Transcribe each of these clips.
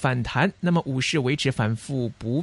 反彈，那麼五市維持反覆不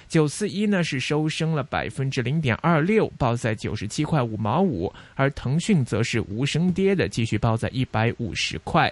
九四一呢是收升了百分之零點二六，報在九十七塊五毛五，而騰訊則是無升跌的，繼續報在一百五十塊。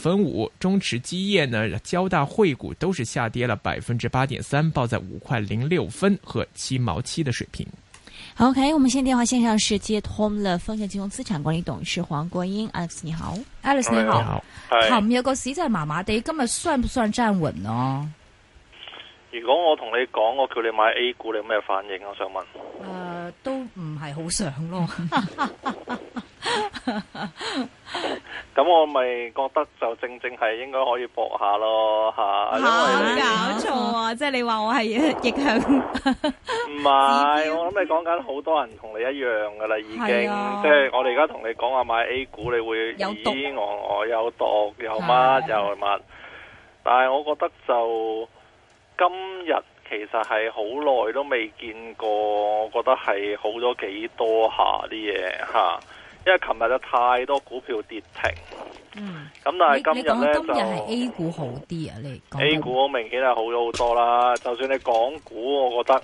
分五中持基業呢，交大匯股都是下跌了百分之八點三，報在五塊零六分和七毛七的水平。OK，我們現在電話線上是接通了豐盛金融資產管理董事黃國英，Alex 你好，Alex 你好，Alex, 你好，我們有個實在麻麻哋，今日算不算站穩呢？如果我同你講，我叫你買 A 股，你有咩反應？我想問？呃，都唔係好想咯。 咁我咪覺得就正正係應該可以搏下咯，吓，冇搞錯啊！即 係 你話我係影響，唔係我諗你講緊好多人同你一樣噶啦，已經、啊、即係我哋而家同你講話，買 A 股你會，有我、啊、我有毒有乜又乜，但係我覺得就今日其實係好耐都未見過，我覺得係好咗幾多下啲嘢吓。因為琴日有太多股票跌停，咁、嗯、但係今日咧就 A 股好啲啊！你講 A 股明顯係好咗好多啦、嗯。就算你港股，我覺得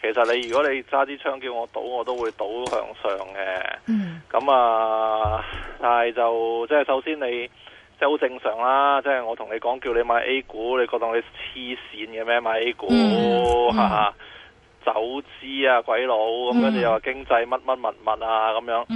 其實你如果你揸支槍叫我賭，我都會倒向上嘅。咁、嗯、啊，但係就即係首先你即係好正常啦。即、就、係、是、我同你講叫你買 A 股，你覺得你黐綫嘅咩？買 A 股、嗯嗯哈哈走資啊，鬼佬咁，跟住又話經濟乜乜物物啊，咁樣。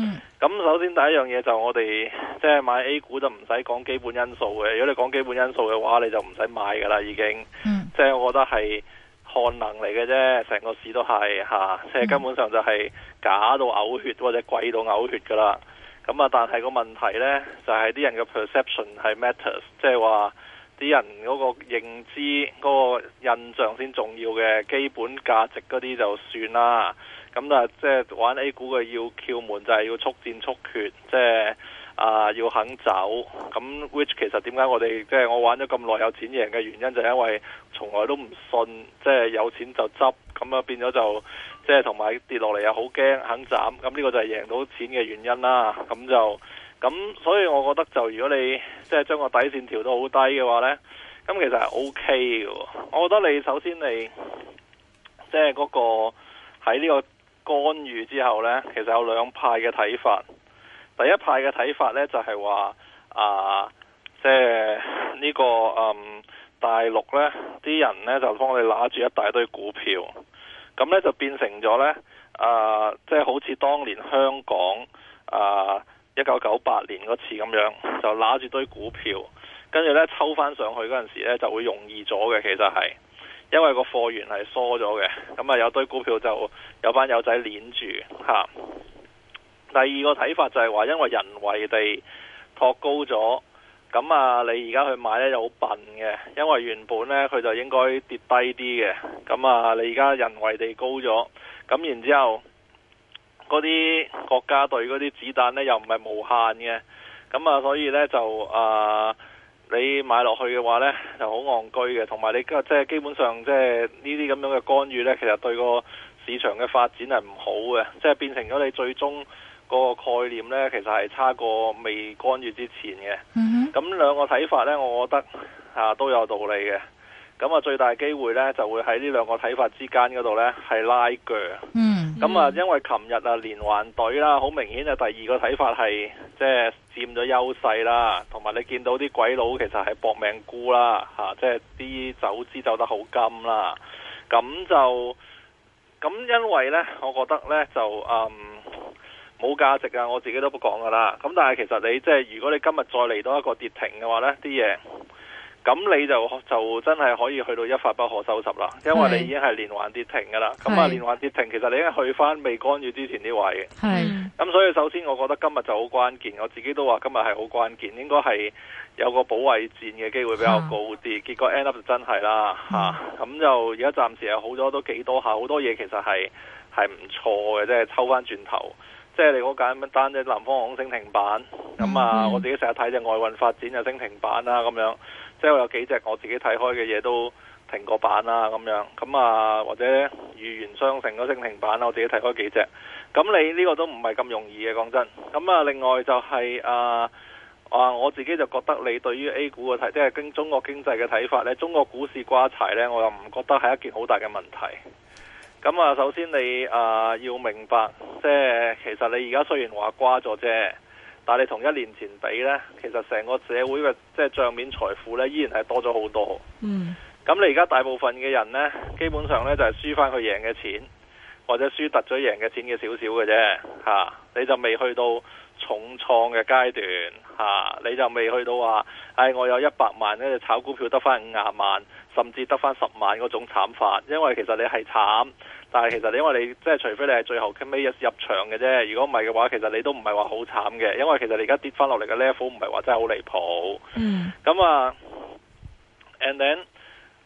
咁、mm. 首先第一樣嘢就，我哋即係買 A 股就唔使講基本因素嘅。如果你講基本因素嘅話，你就唔使買噶啦已經。即、mm. 係我覺得係漢能嚟嘅啫，成個市都係嚇，即係根本上就係假到嘔血或者貴到嘔血噶啦。咁啊，但係個問題呢，就係、是、啲人嘅 perception 係 matters，即係話。啲人嗰個認知，嗰、那個印象先重要嘅，基本價值嗰啲就算啦。咁但係，即係玩 A 股嘅要竅門就係、是、要速戰速決，即、就、係、是、啊要肯走。咁 which 其實點解我哋即係我玩咗咁耐有錢贏嘅原因就係因為從來都唔信，即、就、係、是、有錢就執，咁啊變咗就即係同埋跌落嚟又好驚肯斬，咁呢個就係贏到錢嘅原因啦。咁就。咁所以，我覺得就如果你即係將個底線調到好低嘅話咧，咁其實係 O K 嘅。我覺得你首先你即係嗰個喺呢個干預之後咧，其實有兩派嘅睇法。第一派嘅睇法咧就係話啊，即係呢個嗯大陸咧啲人咧就幫我哋攬住一大堆股票，咁咧就變成咗咧啊，即係好似當年香港啊。一九九八年嗰次咁樣，就揦住堆股票，跟住呢抽返上去嗰陣時呢就會容易咗嘅。其實係，因為個貨源係疏咗嘅，咁啊有堆股票就有一班友仔攣住吓。第二個睇法就係話，因為人為地托高咗，咁啊你而家去買呢就好笨嘅，因為原本呢佢就應該跌低啲嘅，咁啊你而家人為地高咗，咁然之後。嗰啲國家隊嗰啲子彈呢，又唔係無限嘅，咁啊，所以呢，就啊、呃，你買落去嘅話呢，就好戇居嘅，同埋你即係基本上即係呢啲咁樣嘅干預呢，其實對個市場嘅發展係唔好嘅，即係變成咗你最終個概念呢，其實係差過未干預之前嘅。嗯、mm、咁 -hmm. 兩個睇法呢，我覺得嚇、啊、都有道理嘅。咁啊，最大機會呢，就會喺呢兩個睇法之間嗰度呢，係拉鋸。Mm -hmm. 咁、嗯、啊，因為琴日啊連環隊啦，好明顯啊第二個睇法係即係佔咗優勢啦，同埋你見到啲鬼佬其實係搏命沽啦，吓即係啲走資走得好金啦，咁就咁因為呢，我覺得呢就嗯冇價值啊，我自己都唔講噶啦，咁但係其實你即係如果你今日再嚟到一個跌停嘅話呢，啲嘢。咁你就就真係可以去到一發不可收拾啦，因為你已經係連環跌停噶啦。咁啊，連環跌停其實你應該去翻未干預之前啲位嘅。咁所以首先，我覺得今日就好關鍵，我自己都話今日係好關鍵，應該係有個保衛戰嘅機會比較高啲。結果 end up 就真係啦嚇，咁啊就而家暫時係好咗都幾多下，好多嘢其實係係唔錯嘅，即係抽翻轉頭，即係你好簡單啫。南方航空升停板，咁啊，我自己成日睇隻外運發展就升停板啦，咁樣。即係我有幾隻我自己睇開嘅嘢都停過板啦、啊，咁樣咁啊，或者遇緣相成嗰啲停板啦，我自己睇開幾隻。咁你呢個都唔係咁容易嘅，講真。咁啊，另外就係、是、啊啊，我自己就覺得你對於 A 股嘅睇，即係經中國經濟嘅睇法咧，中國股市瓜柴呢，我又唔覺得係一件好大嘅問題。咁啊，首先你啊要明白，即係其實你而家雖然話瓜咗啫。但係同一年前比呢，其實成個社會嘅即係帳面財富呢，依然係多咗好多。嗯，咁你而家大部分嘅人呢，基本上呢，就係輸翻佢贏嘅錢，或者輸突咗贏嘅錢嘅少少嘅啫。你就未去到重創嘅階段、啊。你就未去到話，唉、哎，我有一百萬，跟住炒股票得翻五廿萬，甚至得翻十萬嗰種慘法，因為其實你係慘。但係其實你因為你即係除非你係最後入入場嘅啫，如果唔係嘅話，其實你都唔係話好慘嘅，因為其實你而家跌翻落嚟嘅 level 唔係話真係好離譜。咁、mm. 啊，and then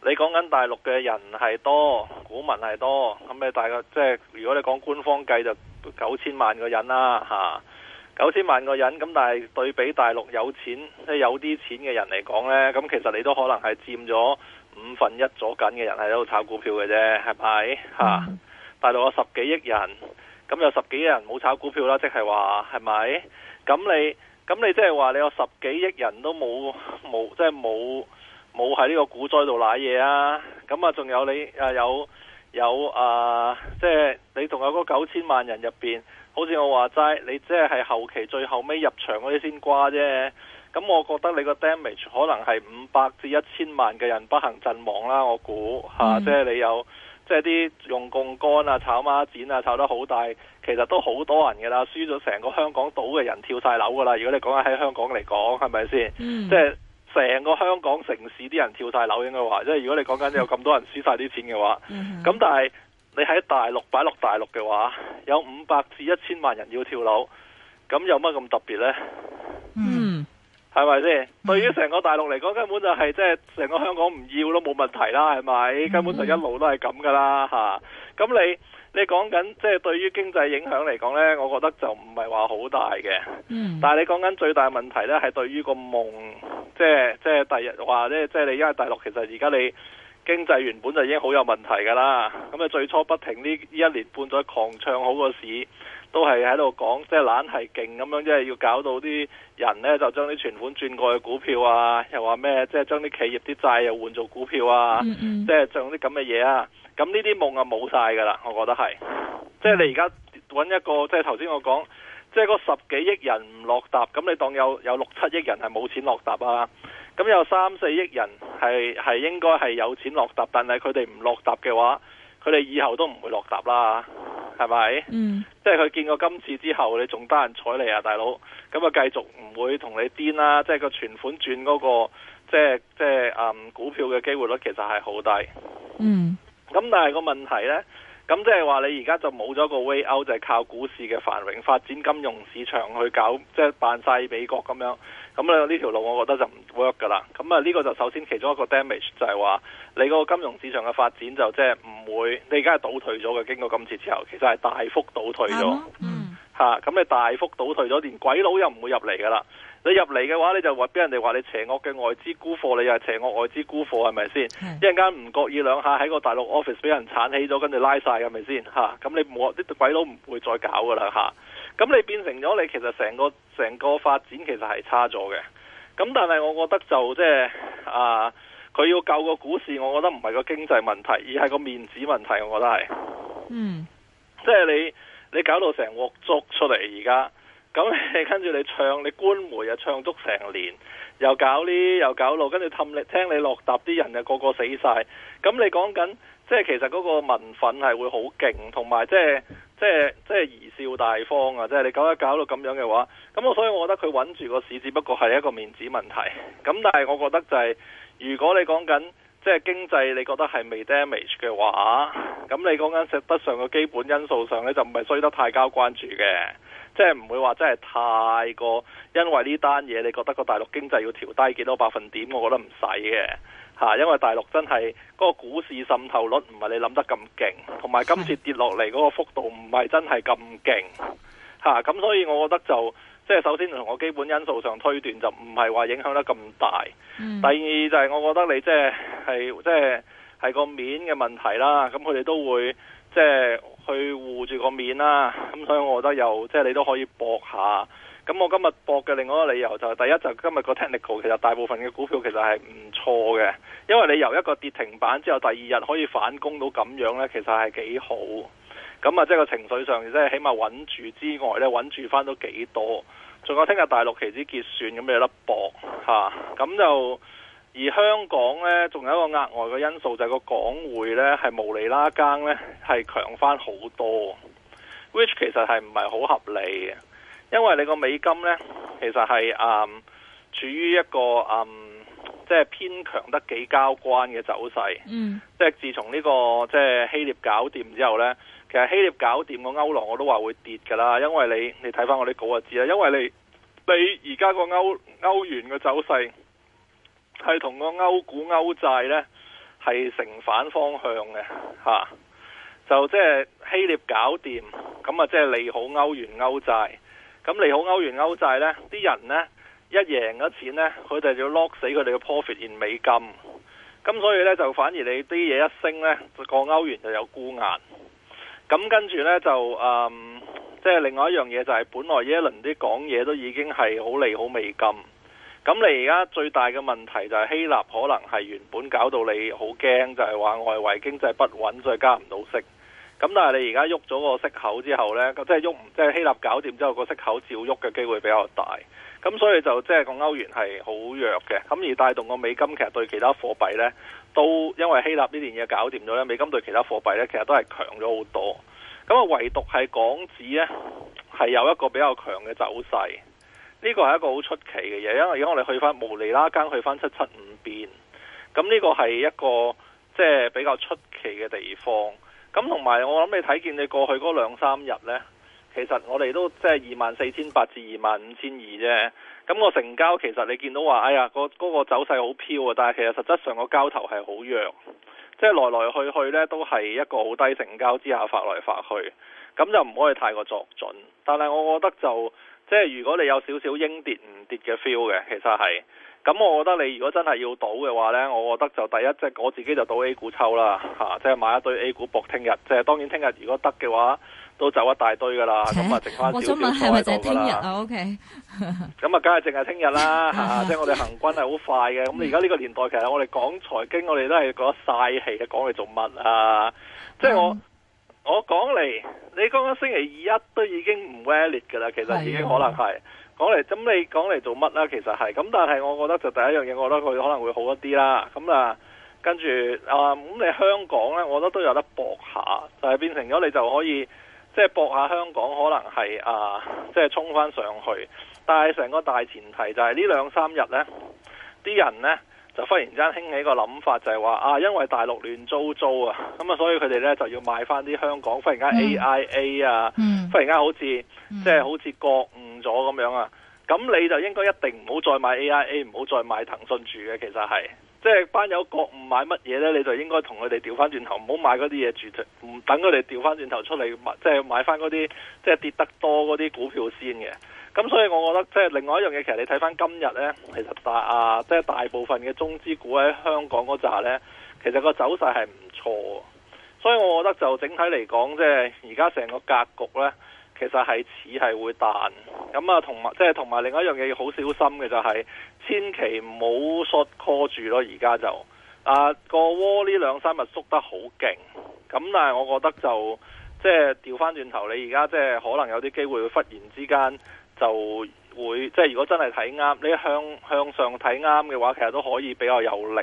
你講緊大陸嘅人係多，股民係多，咁你大概即係、就是、如果你講官方計就九千萬個人啦、啊、嚇，九千萬個人，咁但係對比大陸有錢即係、就是、有啲錢嘅人嚟講呢，咁其實你都可能係佔咗五分一左緊嘅人喺度炒股票嘅啫，係咪？嚇、mm -hmm. 啊！大陸有十幾億人，咁有十幾億人冇炒股票啦，即係話，係咪？咁你咁你即係話你有十幾億人都冇冇即係冇冇喺呢個股災度賴嘢啊？咁啊，仲、就是、有你啊有有啊，即係你仲有嗰九千萬人入邊，好似我話齋，你即係係後期最後尾入場嗰啲先瓜啫。咁我覺得你個 damage 可能係五百至一千萬嘅人不幸陣亡啦，我估嚇，即係你有即係啲用槓杆啊、炒孖展啊、炒得好大，其實都好多人㗎啦，輸咗成個香港島嘅人跳晒樓噶啦。如果你講緊喺香港嚟講，係咪先？即係成個香港城市啲人跳晒樓應該話，即係如果你講緊有咁多人輸晒啲錢嘅話。咁、嗯、但係你喺大陸擺落大陸嘅話，有五百至一千萬人要跳樓，咁有乜咁特別呢？係咪先？對於成個大陸嚟講，根本就係即係成個香港唔要都冇問題啦，係咪？根本就一路都係咁噶啦吓。咁你你講緊即係對於經濟影響嚟講呢，我覺得就唔係話好大嘅。嗯。但係你講緊最大問題呢，係對於個夢，即係即係第日話咧，即係你因為大陸其實而家你經濟原本就已經好有問題噶啦。咁啊最初不停呢呢一年半載狂唱好個市。都係喺度講，即係懶係勁咁樣，即係要搞到啲人呢，就將啲存款轉過去股票啊，又話咩，即係將啲企業啲債又換做股票啊，即係做啲咁嘅嘢啊。咁呢啲夢啊冇晒噶啦，我覺得係，即係你而家搵一個，即係頭先我講，即係嗰十幾億人唔落踏，咁你當有有六七億人係冇錢落踏啊，咁有三四億人係係應該係有錢落踏，但係佢哋唔落踏嘅話，佢哋以後都唔會落踏啦。係咪？嗯，即係佢見過今次之後，你仲得閒睬你啊，大佬。咁啊，繼續唔會同你癲啦。即係個存款轉嗰個，即係即係嗯股票嘅機會率其實係好低。嗯。咁但係個問題咧。咁即係話你而家就冇咗個 VO，就係靠股市嘅繁榮發展金融市場去搞，即係扮晒美國咁樣。咁咧呢條路，我覺得就唔 work 㗎啦。咁啊呢個就首先其中一個 damage 就係話你個金融市場嘅發展就即係唔會，你而家係倒退咗嘅。經過今次之後，其實係大幅倒退咗。嗯，吓、咁、你大幅倒退咗，連鬼佬又唔會入嚟㗎啦。你入嚟嘅話，你就話俾人哋話你邪惡嘅外資沽貨，你又係邪惡外資沽貨，係咪先？一陣間唔覺意兩下喺個大陸 office 俾人鏟起咗，跟住拉晒，係咪先？吓，咁你冇啲鬼佬唔會再搞噶啦，吓。咁你變成咗你其實成個成個發展其實係差咗嘅。咁但係我覺得就即係啊，佢、呃、要救個股市，我覺得唔係個經濟問題，而係個面子問題。我覺得係，嗯，即係你你搞到成鑊粥出嚟而家。咁你跟住你唱，你官媒又唱足成年，又搞呢又搞路，跟住氹你聽你落搭啲人啊個個死晒，咁你講緊即係其實嗰個民憤係會好勁，同埋即係即係即係貽笑大方啊！即係你搞一搞到咁樣嘅話，咁我所以我覺得佢穩住個市只不過係一個面子問題，咁但係我覺得就係如果你講緊。即係經濟，你覺得係未 damage 嘅話，咁你講緊實質上嘅基本因素上咧，就唔係衰得太交關注嘅。即係唔會話真係太過，因為呢單嘢，你覺得個大陸經濟要調低幾多百分點，我覺得唔使嘅嚇。因為大陸真係嗰個股市滲透率唔係你諗得咁勁，同埋今次跌落嚟嗰個幅度唔係真係咁勁嚇。咁、啊、所以，我覺得就。即係首先從我基本因素上推斷就唔係話影響得咁大、嗯。第二就係我覺得你即係係即係係個面嘅問題啦。咁佢哋都會即係、就是、去護住個面啦。咁所以我覺得又即係、就是、你都可以搏下。咁我今日搏嘅另外一個理由就係、是、第一就今日個 technical 其實大部分嘅股票其實係唔錯嘅。因為你由一個跌停板之後第二日可以反攻到咁樣呢，其實係幾好。咁啊，即係個情緒上，即係起碼穩住之外咧，穩住翻都幾多？仲有聽日大陸期指結算，咁你得搏吓？咁、啊、就而香港咧，仲有一個額外嘅因素就係個港匯咧，係無厘拉更咧，係強翻好多。Which 其實係唔係好合理嘅，因為你個美金咧，其實係嗯處於一個嗯即係、就是、偏強得幾交關嘅走勢。嗯，即、就、係、是、自從呢、這個即係、就是、希臘搞掂之後咧。其實希臘搞掂個歐羅我都話會跌噶啦，因為你你睇翻我啲稿就知啦，因為你你而家個歐歐元嘅走勢係同個歐股歐債呢係成反方向嘅吓、啊，就即係希臘搞掂，咁啊即係利好歐元歐債，咁利好歐元歐債呢啲人呢，一贏咗錢呢，佢哋就 lock 死佢哋嘅 profit in 美金，咁所以呢，就反而你啲嘢一升咧，個歐元就有沽壓。咁跟住呢，就誒，即、嗯、係、就是、另外一樣嘢就係、是，本來耶倫啲講嘢都已經係好利好美金。咁你而家最大嘅問題就係希臘可能係原本搞到你好驚，就係、是、話外圍經濟不穩，所以加唔到息。咁但係你而家喐咗個息口之後呢，即係喐唔即係希臘搞掂之後，個息口照喐嘅機會比較大。咁所以就即係、就是、個歐元係好弱嘅，咁而帶動個美金其實對其他貨幣呢。都因為希臘呢件嘢搞掂咗咧，美金對其他貨幣咧其實都係強咗好多。咁啊，唯獨係港紙咧係有一個比較強嘅走勢。呢個係一個好出奇嘅嘢，因為如果我哋去返無厘啦更去返七七五邊。咁呢個係一個即係比較出奇嘅地方。咁同埋我諗你睇見你過去嗰兩三日咧。其實我哋都即係二萬四千八至二萬五千二啫，咁個成交其實你見到話，哎呀，嗰個走勢好飄啊，但係其實實質上個交投係好弱，即係來來去去呢都係一個好低成交之下發來發去，咁就唔可以太過作準。但係我覺得就即係如果你有少少應跌唔跌嘅 feel 嘅，其實係，咁我覺得你如果真係要賭嘅話呢，我覺得就第一即係我自己就賭 A 股抽啦，吓，即係買一堆 A 股搏聽日，即係當然聽日如果得嘅話。都走一大堆噶啦，咁、欸、啊，剩翻少少喺度噶啦。咁啊，梗係淨係聽日啦嚇，即係我哋行軍係好快嘅。咁你而家呢個年代其實我哋講財經，我哋都係覺得曬氣嘅。講嚟做乜啊？即係我、嗯、我講嚟，你剛剛星期二一都已經唔 valid 噶啦。其實已經可能係講嚟，咁你講嚟做乜啦？其實係咁，但係我覺得就第一樣嘢，我覺得佢可能會好一啲啦。咁啊，跟住啊，咁你香港咧，我覺得都有得搏下，就係、是、變成咗你就可以。即係博下香港，可能係啊，即係衝返上去。但係成個大前提就係呢兩三日呢啲人呢，就忽然間興起個諗法，就係話啊，因為大陸亂糟糟啊，咁啊，所以佢哋呢就要買返啲香港，忽然間 A I A 啊，mm. 忽然間好似即係好似覺悟咗咁樣啊。咁你就應該一定唔好再買 A I A，唔好再買騰訊住嘅，其實係。即係班友覺唔買乜嘢呢，你就應該同佢哋調翻轉頭，唔好買嗰啲嘢住，唔等佢哋調翻轉頭出嚟，即係買翻嗰啲即係跌得多嗰啲股票先嘅。咁所以我覺得即係另外一樣嘢，其實你睇翻今日呢，其實大啊，即係大部分嘅中資股喺香港嗰紮呢，其實個走勢係唔錯。所以我覺得就整體嚟講，即係而家成個格局呢。其實係似係會彈，咁啊，同埋即係同埋另一樣嘢要好小心嘅就係、是，千祈唔好 short call 住咯。而家就啊、個窩呢兩三日縮得好勁，咁但係我覺得就即係調翻轉頭，你而家即係可能有啲機會會忽然之間就會即係、就是、如果真係睇啱，你向向上睇啱嘅話，其實都可以比較有力。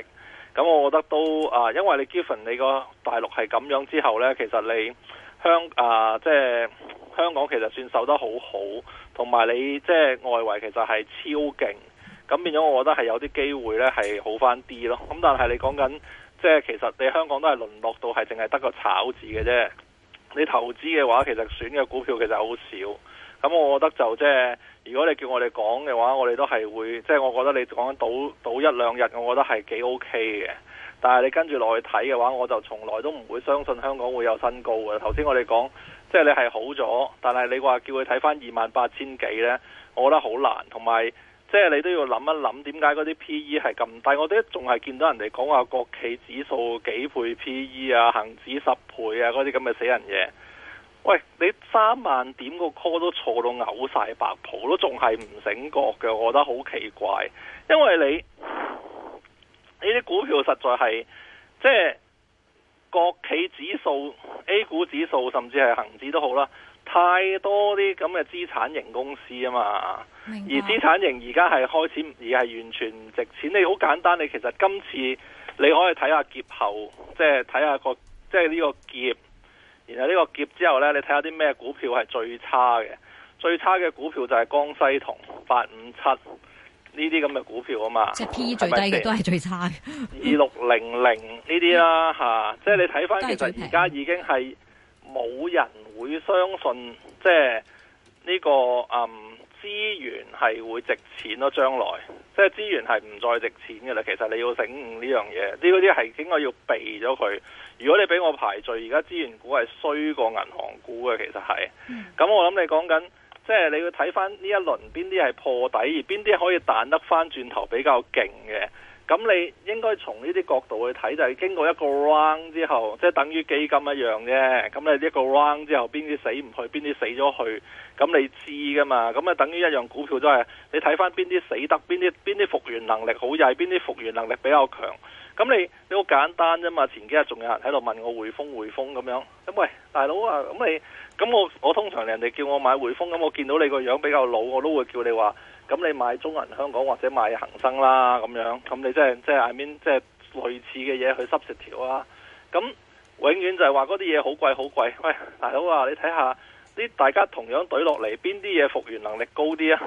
咁我覺得都啊，因為你 given 你個大陸係咁樣之後呢，其實你香啊即係。就是香港其實算受得好好，同埋你即係外圍其實係超勁，咁變咗我覺得係有啲機會呢係好返啲咯。咁但係你講緊即係其實你香港都係淪落到係淨係得個炒字嘅啫。你投資嘅話，其實選嘅股票其實好少。咁我覺得就即係如果你叫我哋講嘅話，我哋都係會即係我覺得你講緊賭賭一兩日，我覺得係幾 OK 嘅。但係你跟住落去睇嘅話，我就從來都唔會相信香港會有新高嘅。頭先我哋講。即係你係好咗，但係你話叫佢睇翻二萬八千幾呢，我覺得好難。同埋，即係你都要諗一諗，點解嗰啲 P E 係咁低？我哋仲係見到人哋講話國企指數幾倍 P E 啊，恒指十倍啊，嗰啲咁嘅死人嘢。喂，你三萬點個 call 都錯到嘔晒白泡都仲係唔醒覺嘅，我覺得好奇怪。因為你呢啲股票實在係即係。就是國企指數、A 股指數，甚至係恒指都好啦，太多啲咁嘅資產型公司啊嘛。而資產型而家係開始，而係完全唔值錢。你好簡單，你其實今次你可以睇下劫後，即係睇下個即係呢個劫，然後呢個劫之後呢，你睇下啲咩股票係最差嘅，最差嘅股票就係江西銅八五七。857。呢啲咁嘅股票啊嘛，即係 P 最低嘅都係最差嘅。二六零零呢啲啦，吓、嗯啊，即係你睇翻，其實而家已經係冇人會相信，即係呢、呢個嗯資源係會值錢咯，將來即係資源係唔再值錢嘅啦。其實你要醒悟呢樣嘢，呢啲係應該要避咗佢。如果你俾我排序，而家資源股係衰過銀行股嘅，其實係。咁、嗯、我諗你講緊。即係你要睇翻呢一輪邊啲係破底，而邊啲可以彈得翻轉頭比較勁嘅。咁你應該從呢啲角度去睇，就係經過一個 round 之後，即係等於基金一樣啫。咁你一個 round 之後，邊啲死唔去，邊啲死咗去，咁你知噶嘛？咁啊，等於一樣股票都係你睇翻邊啲死得，邊啲邊啲復原能力好曳，邊啲復原能力比較強。咁你你好簡單啫嘛。前幾日仲有人喺度問我匯豐匯豐，咁樣，咁喂，大佬啊，咁你。咁我我通常人哋叫我買匯豐，咁我見到你個樣比較老，我都會叫你話，咁你買中銀香港或者買恒生啦，咁樣，咁你即係即係 I mean 即係類似嘅嘢去 substitute 啊。咁永遠就係話嗰啲嘢好貴，好貴。喂，大佬啊，你睇下呢，大家同樣懟落嚟，邊啲嘢復原能力高啲啊？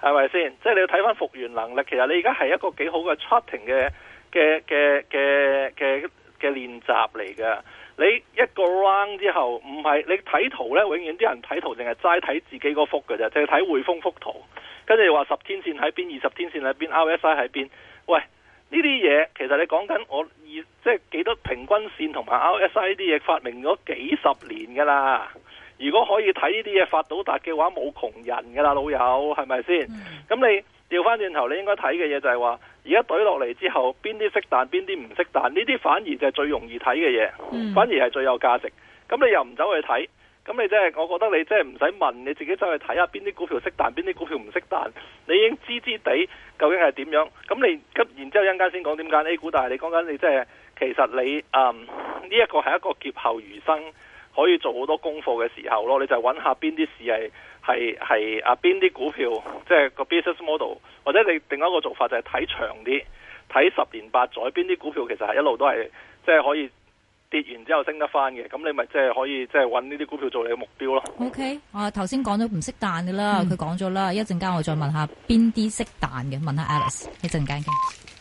係咪先？即係你要睇翻復原能力，其實你而家係一個幾好嘅 training 嘅嘅嘅嘅嘅嘅練習嚟嘅。你一個 round 之後唔係你睇圖呢，永遠啲人睇圖淨係齋睇自己嗰幅嘅啫，淨係睇匯豐幅圖，跟住話十天線喺邊，二十天線喺邊，RSI 喺邊。喂，呢啲嘢其實你講緊我二即係幾多平均線同埋 RSI 呢啲嘢發明咗幾十年噶啦。如果可以睇呢啲嘢發到達嘅話，冇窮人噶啦，老友係咪先？咁，mm -hmm. 你調翻轉頭，你應該睇嘅嘢就係話。而家懟落嚟之後，邊啲識彈，邊啲唔識彈，呢啲反而就係最容易睇嘅嘢，反而係最有價值。咁你又唔走去睇，咁你真係，我覺得你真係唔使問，你自己走去睇下邊啲股票識彈，邊啲股票唔識彈，你已經知知地究竟係點樣。咁你急，然之後一陣間先講點解 A 股大，你講緊你即係其實你嗯呢一個係一個劫後餘生，可以做好多功課嘅時候咯。你就揾下邊啲事係。係係啊，邊啲股票，即係個 business model，或者你另外一個做法就係睇長啲，睇十年八載，邊啲股票其實係一路都係即係可以跌完之後升得翻嘅，咁你咪即係可以即係揾呢啲股票做你嘅目標咯。OK，我頭先講咗唔識彈嘅啦，佢講咗啦，一陣間我再問下邊啲識彈嘅，問下 Alice 一陣間嘅。